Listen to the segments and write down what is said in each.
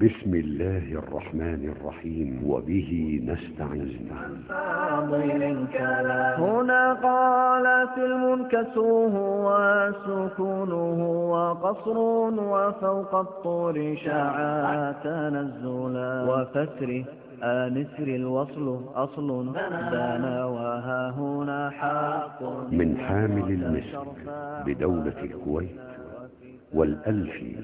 بسم الله الرحمن الرحيم وبه نستعين هنا قالت المنكسوه وسكونه وقصر وفوق الطور شعا تنزلا وفتره آنسر الوصل أصل دانا وها هنا حق من حامل المصر بدولة الكويت والألفي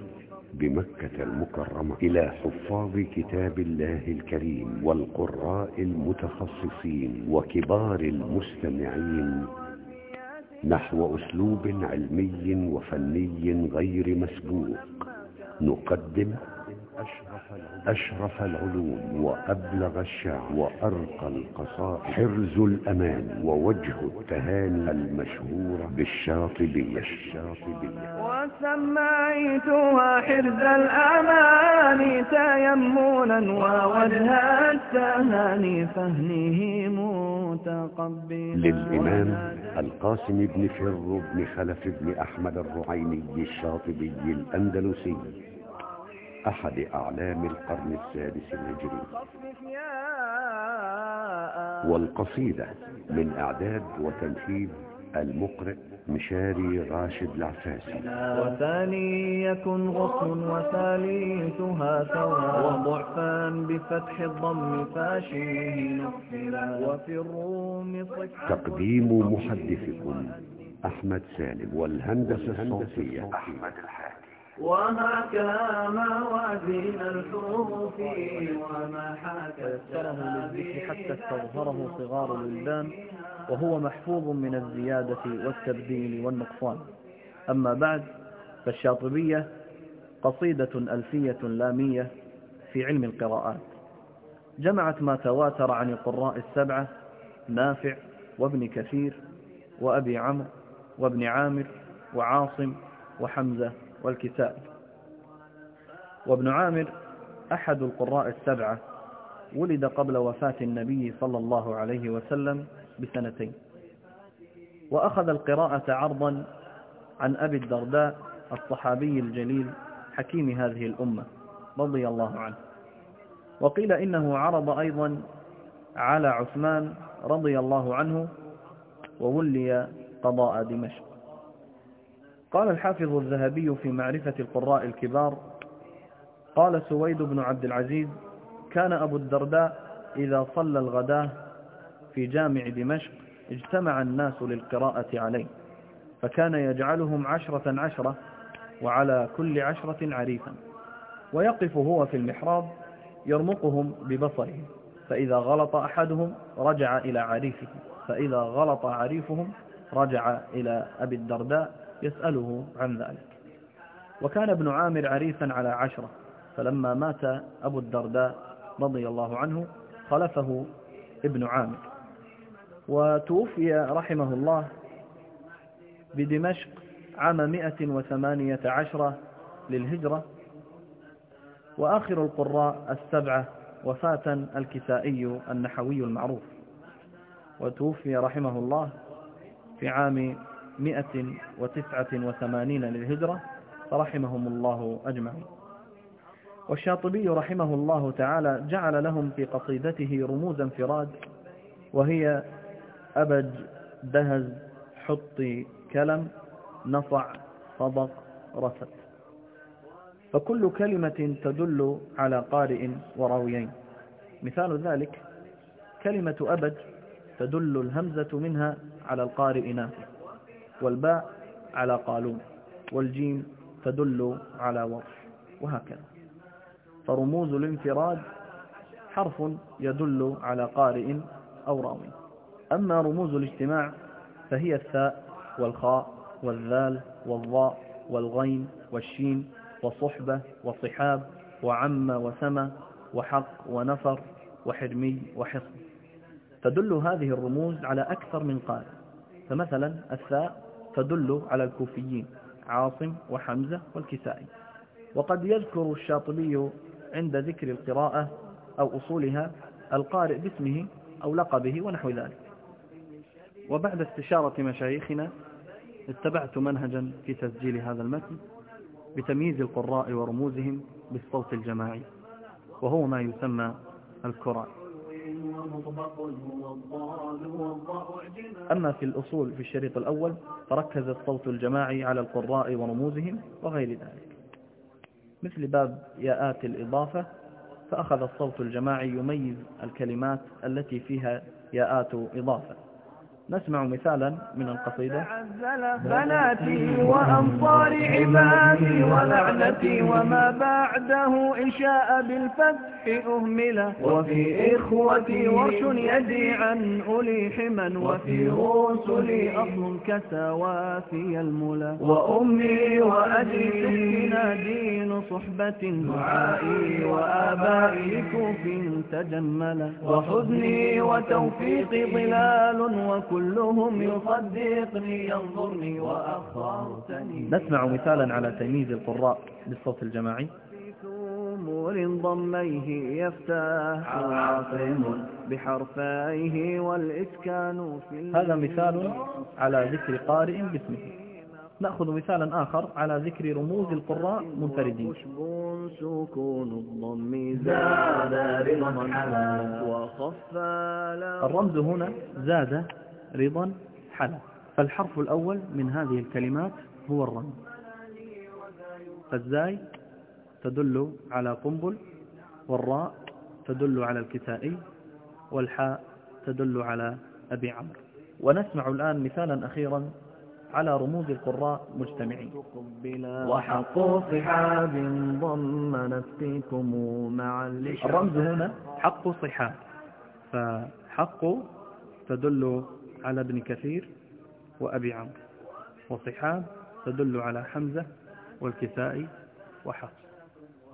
بمكة المكرمة إلى حفاظ كتاب الله الكريم والقراء المتخصصين وكبار المستمعين نحو أسلوب علمي وفني غير مسبوق نقدم أشرف العلوم وأبلغ الشعر وأرقى القصائد حرز الأمان ووجه التهاني المشهورة بالشاطبية, الشاطبية سميتها حرز الأمان تيمنا ووجه التهاني فهنه متقبلا للإمام القاسم بن فر بن خلف بن أحمد الرعيني الشاطبي الأندلسي أحد أعلام القرن السادس الهجري والقصيدة من إعداد وتنفيذ المقرئ مشاري راشد العفاسي وثاني يكن غصن وثالثها ثوى وضعفان بفتح الضم فاشيه نقفلا وفي الروم تقديم محدثكم أحمد سالم والهندسة الصوتية أحمد الحاج وما كان موازين الحروف ومحاك السهل الذكر حتى استظهره صغار الولدان وهو محفوظ من الزيادة والتبديل والنقصان أما بعد فالشاطبية قصيدة ألفية لامية في علم القراءات جمعت ما تواتر عن القراء السبعة نافع وابن كثير وأبي عمرو وابن عامر وعاصم وحمزة والكتاب وابن عامر أحد القراء السبعة ولد قبل وفاة النبي صلى الله عليه وسلم بسنتين وأخذ القراءة عرضا عن أبي الدرداء الصحابي الجليل حكيم هذه الأمة رضي الله عنه وقيل إنه عرض أيضا على عثمان رضي الله عنه وولي قضاء دمشق قال الحافظ الذهبي في معرفة القراء الكبار قال سويد بن عبد العزيز كان أبو الدرداء إذا صلى الغداة في جامع دمشق اجتمع الناس للقراءة عليه فكان يجعلهم عشرة عشرة وعلى كل عشرة عريفا ويقف هو في المحراب يرمقهم ببصره فإذا غلط أحدهم رجع إلى عريفه فإذا غلط عريفهم رجع إلى أبي الدرداء يسأله عن ذلك وكان ابن عامر عريفا على عشرة فلما مات أبو الدرداء رضي الله عنه خلفه ابن عامر وتوفي رحمه الله بدمشق عام 118 للهجرة وآخر القراء السبعة وفاة الكسائي النحوي المعروف وتوفي رحمه الله في عام مئة وتسعة وثمانين للهجرة فرحمهم الله أجمعين والشاطبي رحمه الله تعالى جعل لهم في قصيدته رموز انفراد وهي أبج دهز حطي كلم نصع صدق رفت فكل كلمة تدل على قارئ وراويين مثال ذلك كلمة أبج تدل الهمزة منها على القارئ نافع والباء على قالون والجيم تدل على وصف وهكذا فرموز الانفراد حرف يدل على قارئ أو راوي أما رموز الاجتماع فهي الثاء والخاء والذال والضاء والغين والشين وصحبة وصحاب وعم وسمى وحق ونفر وحرمي وحصن تدل هذه الرموز على أكثر من قارئ فمثلا الثاء تدل على الكوفيين عاصم وحمزة والكسائي وقد يذكر الشاطبي عند ذكر القراءة أو أصولها القارئ باسمه أو لقبه ونحو ذلك وبعد استشارة مشايخنا اتبعت منهجا في تسجيل هذا المتن بتمييز القراء ورموزهم بالصوت الجماعي وهو ما يسمى الكرائي أما في الأصول في الشريط الأول فركز الصوت الجماعي على القراء ورموزهم وغير ذلك مثل باب ياءات الإضافة فأخذ الصوت الجماعي يميز الكلمات التي فيها ياءات إضافة نسمع مثالا من القصيدة عزل بناتي وأنصار عبادي ولعنتي وما بعده إشاء بالفتح أهملة وفي إخوتي ورش يدي عن أولي حما وفي رسلي أصل كسوافي الملا وأمي وأبي سكنا دين صحبة دعائي وآبائي كوف تجملا وحزني وتوفيقي ظلال وكل كلهم يصدقني ينظرني وأخرتني نسمع مثالا على تمييز القراء بالصوت الجماعي أمور ضميه يفتح عاصم بحرفيه والإسكان في هذا مثال على ذكر قارئ باسمه نأخذ مثالا آخر على ذكر رموز القراء منفردين سكون الضم زاد رضا الرمز هنا زاد رضا حلا فالحرف الأول من هذه الكلمات هو الرمز فالزاي تدل على قنبل والراء تدل على الكسائي والحاء تدل على أبي عمرو ونسمع الآن مثالا أخيرا على رموز القراء مجتمعين وحق صحاب ضم نفسكم مع الرمز هنا حق صحاب فحق تدل على ابن كثير وأبي عمرو وصحاب تدل على حمزة والكسائي وحفص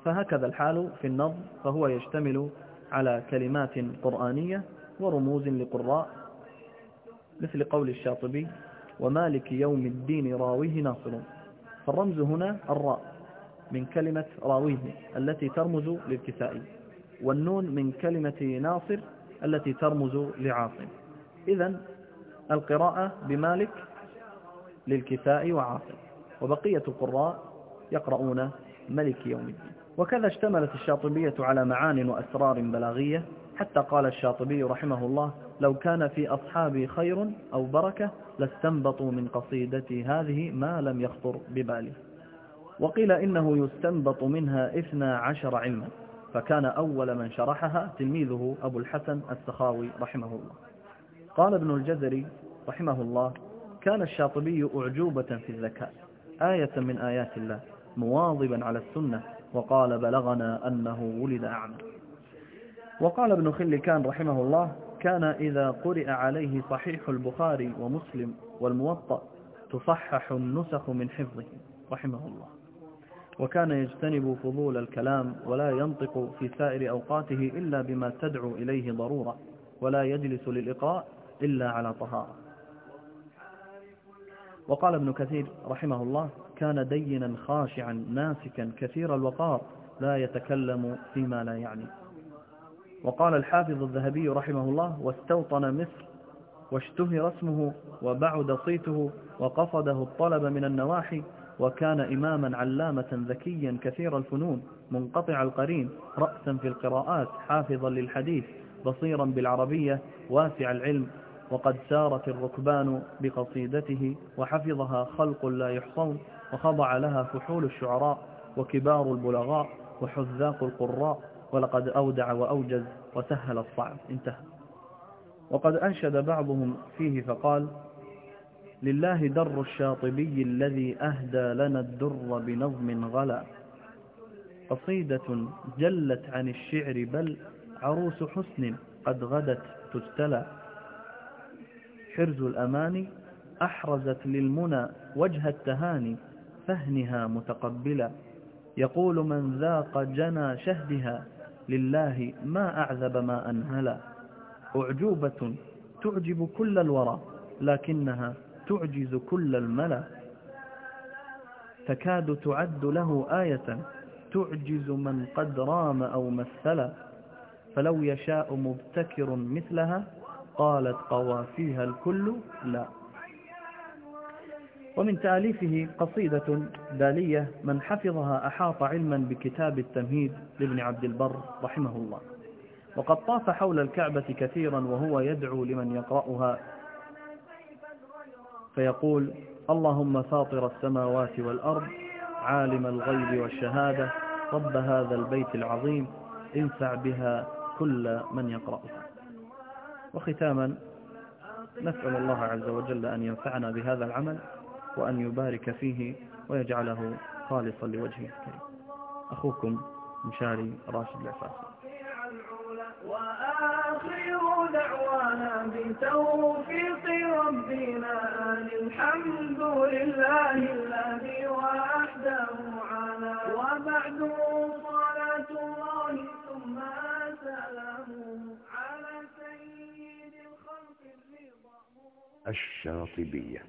فهكذا الحال في النظم فهو يشتمل على كلمات قرآنية ورموز لقراء مثل قول الشاطبي ومالك يوم الدين راويه ناصر فالرمز هنا الراء من كلمة راويه التي ترمز للكسائي والنون من كلمة ناصر التي ترمز لعاصم إذا القراءة بمالك للكساء وعاصم وبقية القراء يقرؤون ملك يوم الدين وكذا اشتملت الشاطبية على معان وأسرار بلاغية حتى قال الشاطبي رحمه الله لو كان في أصحابي خير أو بركة لاستنبطوا من قصيدتي هذه ما لم يخطر ببالي وقيل إنه يستنبط منها إثنى عشر علما فكان أول من شرحها تلميذه أبو الحسن السخاوي رحمه الله قال ابن الجزري رحمه الله كان الشاطبي أعجوبة في الذكاء آية من آيات الله مواظبا على السنة وقال بلغنا أنه ولد أعمى وقال ابن خلكان رحمه الله كان إذا قرئ عليه صحيح البخاري ومسلم والموطأ تصحح النسخ من حفظه رحمه الله وكان يجتنب فضول الكلام ولا ينطق في سائر أوقاته إلا بما تدعو إليه ضرورة ولا يجلس للإقراء إلا على طهارة وقال ابن كثير رحمه الله كان دينا خاشعا ناسكا كثير الوقار لا يتكلم فيما لا يعني وقال الحافظ الذهبي رحمه الله واستوطن مصر واشتهر اسمه وبعد صيته وقصده الطلب من النواحي وكان إماما علامة ذكيا كثير الفنون منقطع القرين رأسا في القراءات حافظا للحديث بصيرا بالعربية واسع العلم وقد سارت الركبان بقصيدته وحفظها خلق لا يحصون وخضع لها فحول الشعراء وكبار البلغاء وحذاق القراء ولقد أودع وأوجز وسهل الصعب انتهى وقد أنشد بعضهم فيه فقال لله در الشاطبي الذي أهدى لنا الدر بنظم غلا قصيدة جلت عن الشعر بل عروس حسن قد غدت تستلى حرز الأماني أحرزت للمنى وجه التهاني فهنها متقبلا يقول من ذاق جنى شهدها لله ما أعذب ما أنهلا أعجوبة تعجب كل الورى لكنها تعجز كل الملا تكاد تعد له آية تعجز من قد رام أو مثلا فلو يشاء مبتكر مثلها قالت قوافيها الكل لا ومن تأليفه قصيدة دالية من حفظها أحاط علما بكتاب التمهيد لابن عبد البر رحمه الله وقد طاف حول الكعبة كثيرا وهو يدعو لمن يقرأها فيقول اللهم فاطر السماوات والأرض عالم الغيب والشهادة رب هذا البيت العظيم انفع بها كل من يقرأها وختاما نسأل الله عز وجل أن ينفعنا بهذا العمل وأن يبارك فيه ويجعله خالصا لوجهه الكريم أخوكم مشاري راشد العفاسي وآخر دعوانا بتوفيق ربنا أن الحمد لله الذي وحده على وبعد الشاطبية